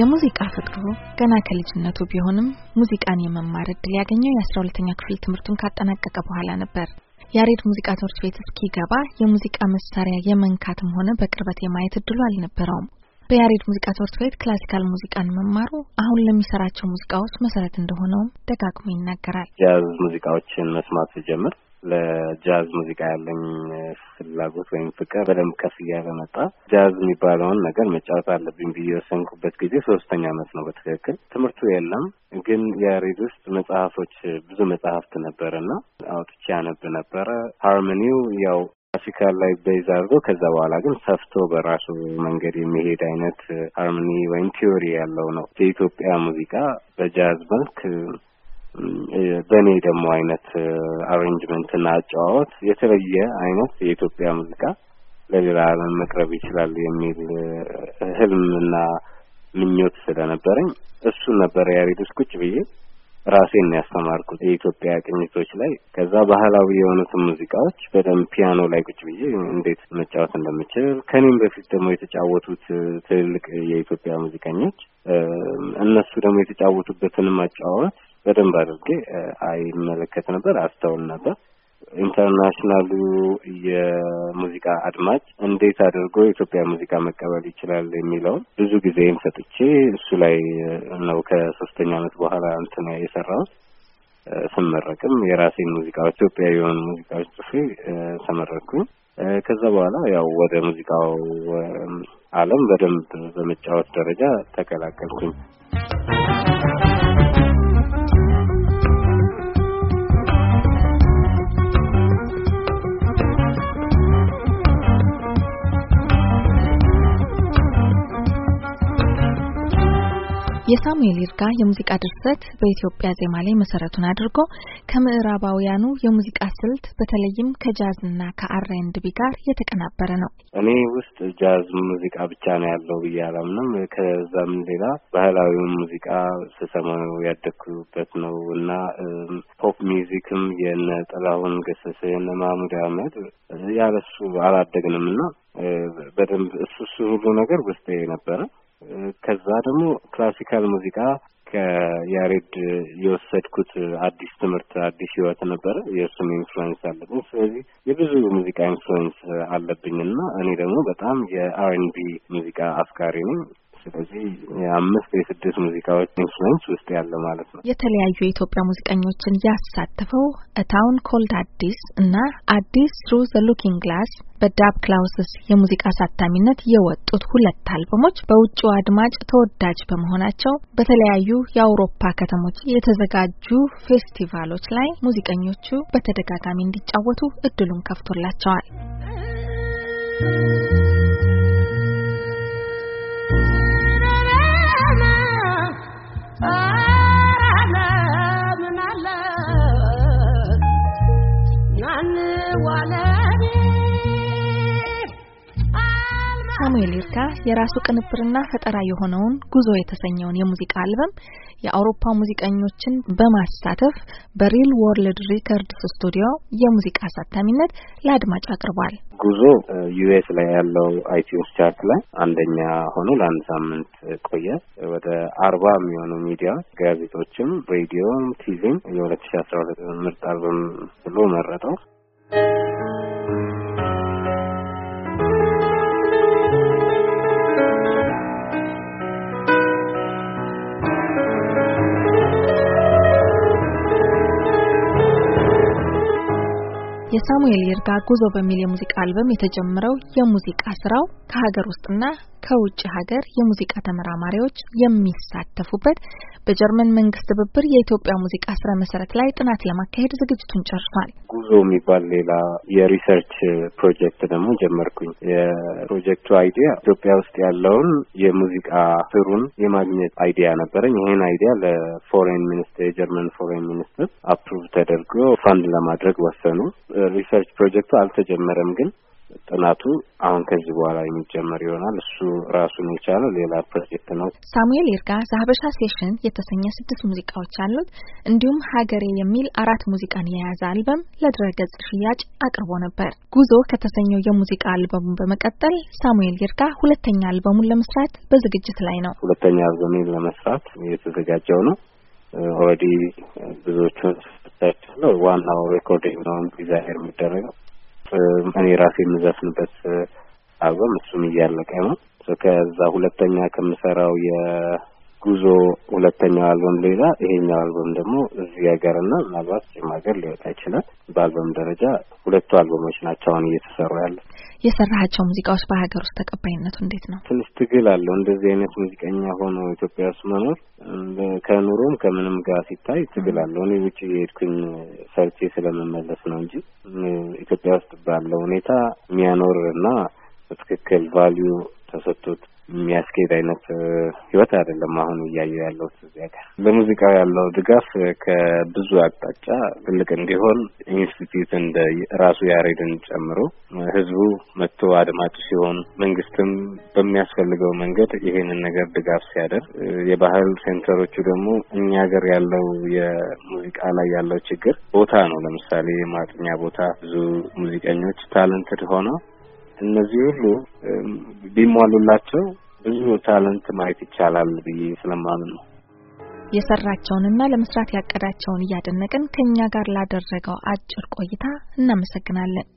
የሙዚቃ ፍቅሩ ገና ከልጅነቱ ቢሆንም ሙዚቃን የመማር እድል ያገኘው የአስራ ሁለተኛ ክፍል ትምህርቱን ካጠናቀቀ በኋላ ነበር። ያሬድ ሙዚቃ ትምህርት ቤት እስኪገባ የሙዚቃ መሳሪያ የመንካትም ሆነ በቅርበት የማየት እድሉ አልነበረውም። በያሬድ ሙዚቃ ትምህርት ቤት ክላሲካል ሙዚቃን መማሩ አሁን ለሚሰራቸው ሙዚቃዎች መሰረት እንደሆነውም ደጋግሞ ይናገራል። ጃዝ ሙዚቃዎችን መስማት ስጀምር ለጃዝ ሙዚቃ ያለኝ ፍላጎት ወይም ፍቅር በደንብ ከፍ እያለ መጣ። ጃዝ የሚባለውን ነገር መጫወት አለብኝ ብዬ የወሰንኩበት ጊዜ ሶስተኛ ዓመት ነው በትክክል። ትምህርቱ የለም ግን የሬድ ውስጥ መጽሐፎች ብዙ መጽሐፍት ነበር እና አውጥቼ ያነብ ነበረ። ሃርሞኒው ያው ክላሲካል ላይ ቤዝ አድርጎ ከዛ በኋላ ግን ሰፍቶ በራሱ መንገድ የሚሄድ አይነት ሃርሞኒ ወይም ቲዮሪ ያለው ነው። የኢትዮጵያ ሙዚቃ በጃዝ መልክ በእኔ ደግሞ አይነት አሬንጅመንት እና አጫዋወት የተለየ አይነት የኢትዮጵያ ሙዚቃ ለሌላ ዓለም መቅረብ ይችላል የሚል ህልምና ምኞት ስለነበረኝ እሱን ነበረ ያሬድስ ቁጭ ብዬ ራሴን ያስተማርኩት የኢትዮጵያ ቅኝቶች ላይ። ከዛ ባህላዊ የሆኑትን ሙዚቃዎች በደንብ ፒያኖ ላይ ቁጭ ብዬ እንዴት መጫወት እንደምችል ከኔም በፊት ደግሞ የተጫወቱት ትልልቅ የኢትዮጵያ ሙዚቀኞች እነሱ ደግሞ የተጫወቱበትንም አጫዋወት በደንብ አድርጌ አይመለከት ነበር፣ አስተውል ነበር። ኢንተርናሽናሉ የሙዚቃ አድማጭ እንዴት አድርጎ የኢትዮጵያ ሙዚቃ መቀበል ይችላል የሚለውን ብዙ ጊዜም ሰጥቼ እሱ ላይ ነው ከሶስተኛ ዓመት በኋላ እንትን የሰራሁት። ስመረቅም የራሴን ሙዚቃዎች ኢትዮጵያ የሆኑ ሙዚቃዎች ጽፌ ተመረቅኩኝ። ከዛ በኋላ ያው ወደ ሙዚቃው ዓለም በደንብ በመጫወት ደረጃ ተቀላቀልኩኝ። የሳሙኤል ይርጋ የሙዚቃ ድርሰት በኢትዮጵያ ዜማ ላይ መሰረቱን አድርጎ ከምዕራባውያኑ የሙዚቃ ስልት በተለይም ከጃዝ እና ጋር የተቀናበረ ነው። እኔ ውስጥ ጃዝ ሙዚቃ ብቻ ነው ያለው ብዬ አላምንም። ከዛም ሌላ ባህላዊ ሙዚቃ ስሰማ ያደግኩበት ነው እና ፖፕ ሚዚክም የነ ጥላሁን ገሰሰ የነ ማሙድ አህመድ ያለሱ አላደግንም እና በደንብ እሱ እሱ ሁሉ ነገር ውስጤ ነበረ። ከዛ ደግሞ ክላሲካል ሙዚቃ ከያሬድ የወሰድኩት አዲስ ትምህርት አዲስ ህይወት ነበረ። የእሱም ኢንፍሉዌንስ አለብኝ። ስለዚህ የብዙ ሙዚቃ ኢንፍሉዌንስ አለብኝ እና እኔ ደግሞ በጣም የአርኤንቢ ሙዚቃ አፍቃሪ ነኝ። ስለዚህ የአምስት የስድስት ሙዚቃዎች ኢንፍሉዌንስ ውስጥ ያለ ማለት ነው። የተለያዩ የኢትዮጵያ ሙዚቀኞችን ያሳተፈው እታውን ኮልድ አዲስ እና አዲስ ትሩ ዘ ሉኪንግ ግላስ በዳብ ክላውስስ የሙዚቃ አሳታሚነት የወጡት ሁለት አልበሞች በውጭው አድማጭ ተወዳጅ በመሆናቸው በተለያዩ የአውሮፓ ከተሞች የተዘጋጁ ፌስቲቫሎች ላይ ሙዚቀኞቹ በተደጋጋሚ እንዲጫወቱ እድሉን ከፍቶላቸዋል። ሳሙኤል ይርጋ የራሱ ቅንብርና ፈጠራ የሆነውን ጉዞ የተሰኘውን የሙዚቃ አልበም የአውሮፓ ሙዚቀኞችን በማሳተፍ በሪል ወርልድ ሪከርድስ ስቱዲዮ የሙዚቃ አሳታሚነት ለአድማጭ አቅርቧል። ጉዞ ዩኤስ ላይ ያለው አይቲዩንስ ቻርት ላይ አንደኛ ሆኖ ለአንድ ሳምንት ቆየ። ወደ አርባ የሚሆኑ ሚዲያ ጋዜጦችም፣ ሬዲዮም፣ ቲቪም የሁለት ሺ አስራ ሁለት ምርጥ አልበም ብሎ መረጠው። የሳሙኤል ይርጋ ጉዞ በሚል የሙዚቃ አልበም የተጀመረው የሙዚቃ ስራው ከሀገር ውስጥና ከውጭ ሀገር የሙዚቃ ተመራማሪዎች የሚሳተፉበት በጀርመን መንግስት ትብብር የኢትዮጵያ ሙዚቃ ስረ መሰረት ላይ ጥናት ለማካሄድ ዝግጅቱን ጨርሷል። ጉዞ የሚባል ሌላ የሪሰርች ፕሮጀክት ደግሞ ጀመርኩኝ። የፕሮጀክቱ አይዲያ ኢትዮጵያ ውስጥ ያለውን የሙዚቃ ስሩን የማግኘት አይዲያ ነበረኝ። ይሄን አይዲያ ለፎሬን ሚኒስትር የጀርመን ፎሬን ሚኒስትር አፕሩቭ ተደርጎ ፋንድ ለማድረግ ወሰኑ። ሪሰርች ፕሮጀክቱ አልተጀመረም ግን ጥናቱ አሁን ከዚህ በኋላ የሚጀመር ይሆናል። እሱ ራሱን የቻለ ሌላ ፕሮጀክት ነው። ሳሙኤል ይርጋ ዛሀበሻ ሴሽን የተሰኘ ስድስት ሙዚቃዎች አሉት። እንዲሁም ሀገሬ የሚል አራት ሙዚቃን የያዘ አልበም ለድረገጽ ሽያጭ አቅርቦ ነበር። ጉዞ ከተሰኘው የሙዚቃ አልበሙን በመቀጠል ሳሙኤል ይርጋ ሁለተኛ አልበሙን ለመስራት በዝግጅት ላይ ነው። ሁለተኛ አልበሙን ለመስራት የተዘጋጀው ነው። ኦልሬዲ ብዙዎቹን ስታቸው ዋናው ሬኮርዲንግ ነው ዲዛይነር የሚደረገው እኔ ራሴ የምዘፍንበት አልበም እሱም እያለቀ ነው። ከዛ ሁለተኛ ከምሰራው ጉዞ ሁለተኛው አልበም ሌላ ይሄኛው አልበም ደግሞ እዚህ ሀገር እና ምናልባት ጭም ሀገር ሊወጣ ይችላል። በአልበም ደረጃ ሁለቱ አልበሞች ናቸው አሁን እየተሰሩ ያለ። የሰራሃቸው ሙዚቃዎች በሀገር ውስጥ ተቀባይነቱ እንዴት ነው? ትንሽ ትግል አለው። እንደዚህ አይነት ሙዚቀኛ ሆኖ ኢትዮጵያ ውስጥ መኖር ከኑሮም ከምንም ጋር ሲታይ ትግል አለው። እኔ ውጭ የሄድኩኝ ሰርቼ ስለመመለስ ነው እንጂ ኢትዮጵያ ውስጥ ባለው ሁኔታ የሚያኖር እና በትክክል ቫሊዩ ተሰጥቶት የሚያስኬድ አይነት ህይወት አይደለም አሁን እያየ ያለሁት እዚህ ጋር። ለሙዚቃው ያለው ድጋፍ ከብዙ አቅጣጫ ትልቅ እንዲሆን ኢንስቲትዩት እንደ ራሱ ያሬድን ጨምሮ ህዝቡ መጥቶ አድማጭ ሲሆን፣ መንግስትም በሚያስፈልገው መንገድ ይሄንን ነገር ድጋፍ ሲያደርግ፣ የባህል ሴንተሮቹ ደግሞ እኛ ሀገር ያለው የሙዚቃ ላይ ያለው ችግር ቦታ ነው። ለምሳሌ ማጥኛ ቦታ ብዙ ሙዚቀኞች ታለንትድ ሆነው እነዚህ ሁሉ ቢሟሉላቸው ብዙ ታለንት ማየት ይቻላል ብዬ ስለማምን ነው። የሰራቸውንና ለመስራት ያቀዳቸውን እያደነቅን ከኛ ጋር ላደረገው አጭር ቆይታ እናመሰግናለን።